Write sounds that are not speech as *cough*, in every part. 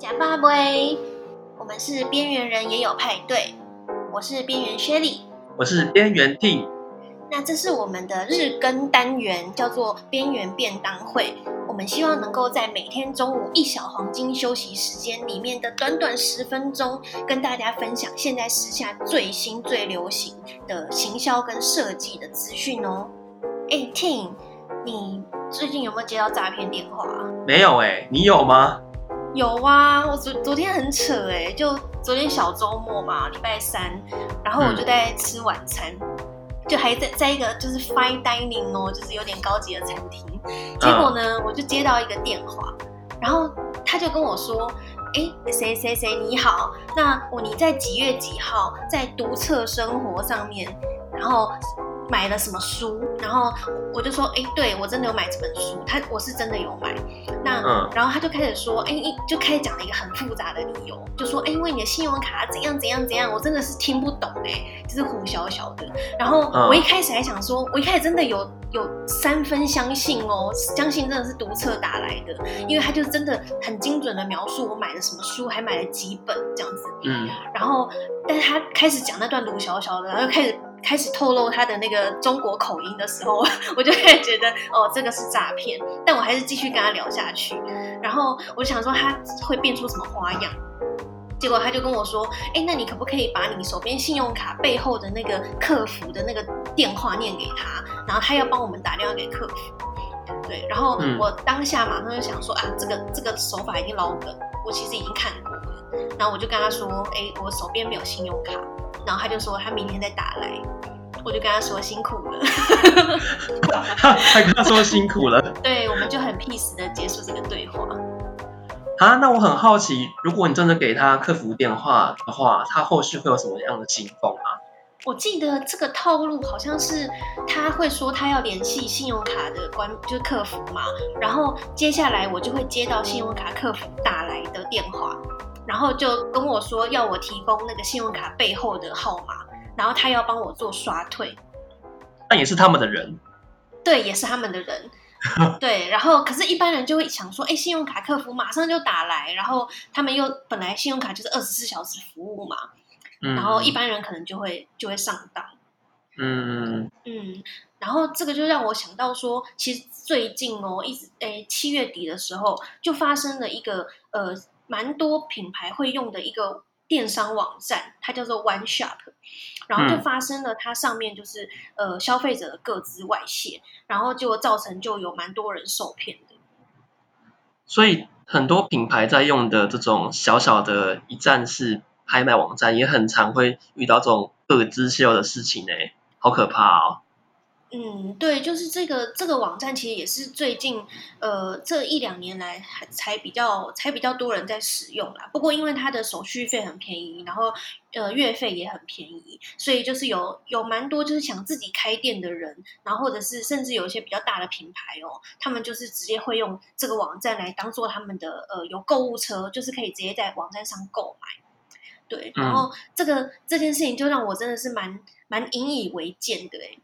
呷霸沒我們是邊緣人也有派對。我是邊緣 Shelly，我是邊緣 Tim。那這是我們的日更單元，叫做邊緣便當會。我們希望能夠在每天中午一小黃金休息時間裡面的短短十分鐘，跟大家分享現在時下最新最流行的行銷跟設計的資訊哦。哎、欸，Tim，你最近有沒有接到詐騙電話？沒有哎、欸，你有嗎？有啊，我昨昨天很扯哎、欸，就昨天小周末嘛，禮拜三，然後我就在吃晚餐，嗯、就還在在一個就是 fine dining 哦，就是有點高級的餐廳，結果呢，啊、我就接到一個電話，然後他就跟我說，哎，誰誰誰，你好，那我你在幾月幾號在讀冊生活上面，然後。買了什麼書？然後我就說，哎、欸，對，我真的有買這本書，他我是真的有買。那然後他就開始說，哎、欸，一，就開始講了一個很複雜的理由，就說，哎、欸，因為你的信用卡怎樣怎樣怎樣，我真的是聽不懂，哎，就是胡小小的。然後我一開始還想說，嗯。我一開始還想說，我一開始真的有有三分相信哦，相信真的是讀冊打來的，因為他就真的很精準的描述我買了什麼書，還買了幾本這樣子。嗯。然後，但是他開始講那段胡小小的，然後就開始。開始透露他的那個中國口音的時候，我就開始覺得哦，這個是詐騙。但我還是繼續跟他聊下去。然後我就想說他會變出什麼花樣。結果他就跟我說：“哎，那你可不可以把你手邊信用卡背後的那個客服的那個電話念給他？然後他要幫我們打電話給客服。”對，然後我當下馬上就想說啊，這個這個手法已經老梗，我其實已經看過了。然後我就跟他說：“哎，我手邊沒有信用卡。”然後他就說他明天再打來，我就跟他說辛苦了， *laughs* *laughs* 還跟他說辛苦了。 *laughs* 對，我們就很 peace 的結束這個對話。啊，那我很好奇，如果你真的給他客服電話的話，他後續會有什麼樣的情況啊？我記得這個套路好像是他會說他要聯繫信用卡的關，就是客服嘛，然後接下來我就會接到信用卡客服打來的電話。然後就跟我說要我提供那個信用卡背後的號碼，然後他要幫我做刷退，那也是他們的人，對，也是他們的人， *laughs* 對。然後，可是，一般人就會想說，哎，信用卡客服馬上就打來，然後他們又本來信用卡就是二十四小時服務嘛，嗯、然後一般人可能就會就會上當，嗯嗯，然後這個就讓我想到說，其實最近哦，一直哎，七月底的時候就發生了一個呃。蠻多品牌會用的一個電商網站，它叫做 OneShop，然後就發生了它上面就是、嗯、呃消費者的個資外洩，然後就造成就有蠻多人受騙的。所以很多品牌在用的這種小小的一站式拍賣網站，也很常會遇到這種個資洩漏的事情呢、欸，好可怕哦！嗯，對，就是這個這個網站其實也是最近呃這一兩年來還才比較才比較多人在使用啦。不過因為它的手續費很便宜，然後呃月費也很便宜，所以就是有有蠻多就是想自己開店的人，然後或者是甚至有一些比較大的品牌哦，他們就是直接會用這個網站來當做他們的呃有購物車，就是可以直接在網站上購買。對，然後這個、嗯、這件事情就讓我真的是蠻蠻引以為鑑的、欸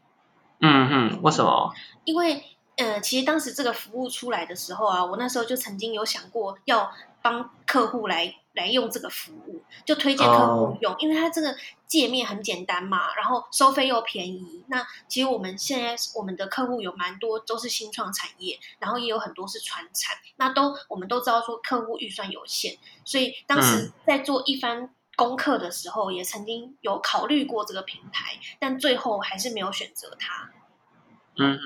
嗯哼，為什麼？因為，呃，其實當時這個服務出來的時候啊，我那時候就曾經有想過要幫客戶來來用這個服務，就推薦客戶用，哦。因為它這個界面很簡單嘛，然後收費又便宜。那其實我們現在我們的客戶有蠻多都是新創產業，然後也有很多是傳產，那都我們都知道說客戶預算有限，所以當時在做一番嗯功課的時候也曾經有考慮過這個平台，但最後還是沒有選擇它。嗯嗯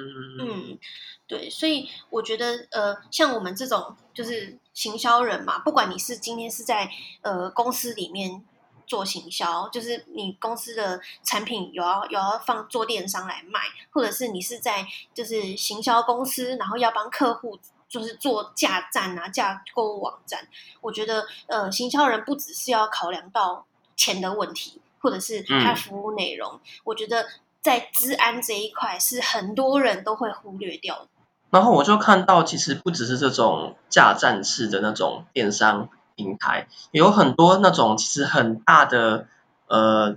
嗯對，所以我覺得呃，像我們這種就是行銷人嘛，不管你是今天是在呃公司裡面做行銷，就是你公司的產品有要有要放做電商來賣，或者是你是在就是行銷公司，然後要幫客戶。就是做架站啊，架購物網站，我覺得呃，行銷人不只是要考量到錢的問題，或者是他服務內容，嗯、我覺得在資安這一塊是很多人都會忽略掉的。然後我就看到，其實不只是這種架站式的那種電商平台，有很多那種其實很大的呃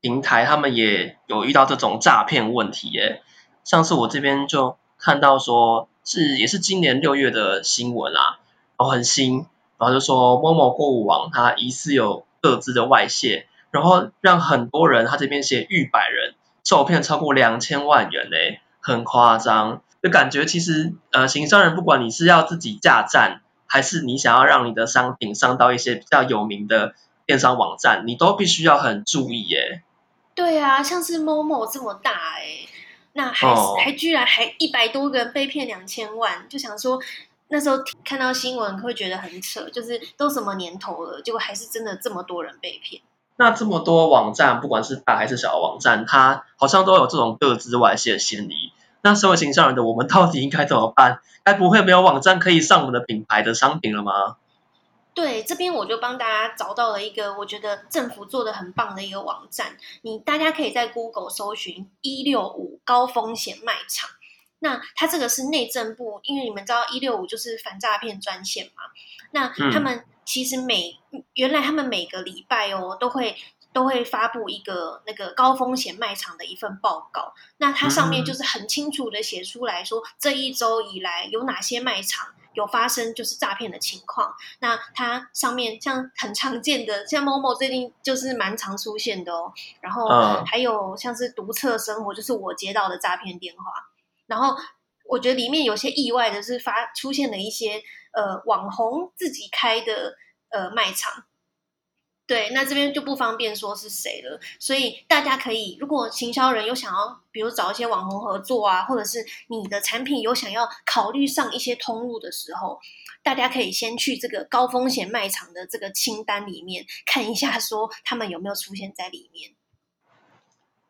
平台，他們也有遇到這種詐騙問題耶。上次我這邊就看到說。是也是今年六月的新聞啦，啊，然後很新，然後就說 Momo 購物網它，疑似有個資的外洩，然後讓很多人他，這邊寫逾百人受騙超過兩千萬元嘞，很誇張。就感覺其實呃，行商人不管你是要自己架站，還是你想要讓你的商品上到一些比較有名的電商網站，你都必須要很注意耶。對啊，像是 Momo 這麼大哎。那還是還居然還一百多個人被騙兩千萬，oh。就想說那時候看到新聞會覺得很扯，就是都什麼年頭了，結果還是真的這麼多人被騙。那這麼多網站，不管是大還是小的網站，它好像都有這種個資外洩的嫌疑。那身為行銷人的我們，到底應該怎麼辦？該不會沒有網站可以上我們的品牌的商品了嗎？對，這邊我就幫大家找到了一個我覺得政府做的很棒的一個網站，你大家可以在 Google 搜尋一六五高風險賣場。那它這個是內政部，因為你們知道一六五就是反詐騙專線嘛。那他們其實每、嗯、原來他們每個禮拜哦都會都會發布一個那個高風險賣場的一份報告。那它上面就是很清楚的寫出來說、嗯、這一周以來有哪些賣場。有發生就是詐騙的情況，那它上面像很常見的，像某某最近就是蠻常出現的哦，然後還有像是獨特生活，就是我接到的詐騙電話，然後我覺得裡面有些意外的是發出現了一些呃網紅自己開的呃賣場。對，那這邊就不方便說是誰了，所以大家可以，如果行銷人有想要，比如找一些網紅合作啊，或者是你的產品有想要考慮上一些通路的時候，大家可以先去這個高風險賣場的這個清單裡面看一下，說他們有沒有出現在裡面。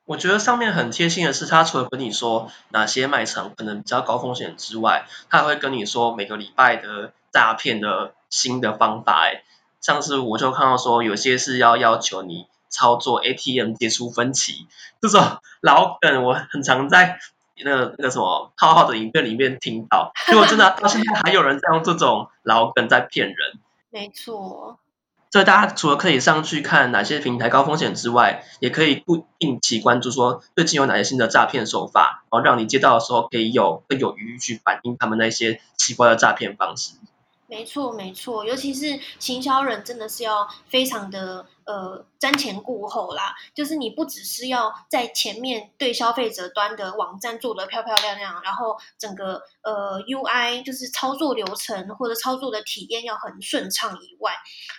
我覺得上面很貼心的是，他除了跟你說哪些賣場可能比較高風險之外，他還會跟你說每個禮拜的詐騙的新的方法誒。上次我就看到說，有些是要要求你操作 ATM 解除分期，這種老梗，我很常在那個、那個、什麼 HowHow 的影片裡面聽到，結果真的到現在還有人在用這種老梗在騙人。沒錯。所以大家除了可以上去看哪些平台高風險之外，也可以不定期關注說最近有哪些新的詐騙手法，然後讓你接到的時候可以有更有餘裕去反應他們那些奇怪的詐騙方式。沒錯，沒錯，尤其是行銷人真的是要非常的呃瞻前顧後啦。就是你不只是要在前面對消費者端的網站做得漂漂亮亮，然後整個呃 UI 就是操作流程或者操作的體驗要很順暢以外，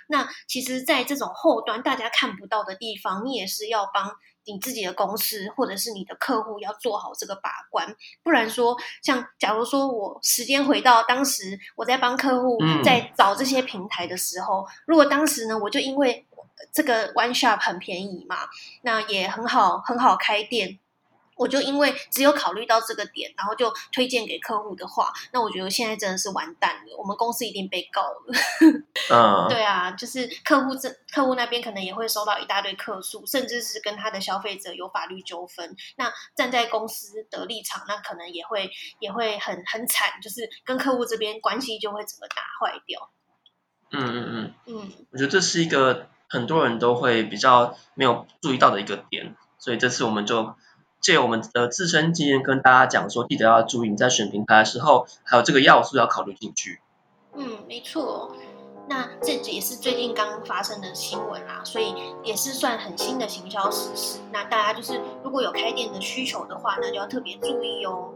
那其實，在這種後端大家看不到的地方，你也是要幫。你自己的公司或者是你的客戶要做好這個把關，不然說像假如說我時間回到當時我在幫客戶在找這些平台的時候，如果當時呢，我就因為這個 OneShop 很便宜嘛，那也很好很好開店。我就因為只有考慮到這個點，然後就推薦給客戶的話，那我覺得現在真的是完蛋了。我們公司一定被告了。嗯、 *laughs* 呃，對啊，就是客戶這客戶那邊可能也會收到一大堆客訴，甚至是跟他的消費者有法律糾紛。那站在公司的立場，那可能也會也會很很慘，就是跟客戶這邊關係就會怎麼打壞掉。嗯嗯嗯嗯，嗯嗯我覺得這是一個很多人都會比較沒有注意到的一個點，所以這次我們就。借我們的自身經驗跟大家講說，記得要注意你在選平台的時候，還有這個要素要考慮進去。嗯，沒錯，那這也是最近剛發生的新聞啦，所以也是算很新的行銷時事。那大家就是如果有開店的需求的話，那就要特別注意哦。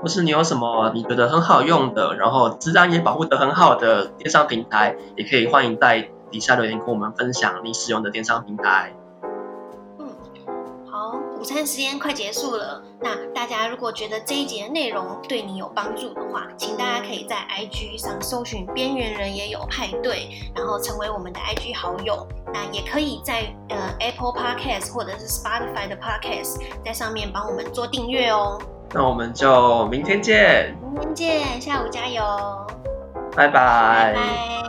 或是你有什麼你覺得很好用的，嗯、然後自然也保護的很好的電商平台，也可以歡迎在底下留言跟我們分享你使用的電商平台。午餐時間快結束了，那大家如果覺得這一節內容對你有幫助的話，請大家可以在 IG 上搜尋“邊緣人也有派對”，然後成為我們的 IG 好友。那也可以在呃 Apple Podcast 或者是 Spotify 的 Podcast 在上面幫我們做訂閱哦。那我們就明天見，明天見，下午加油，拜拜，拜拜。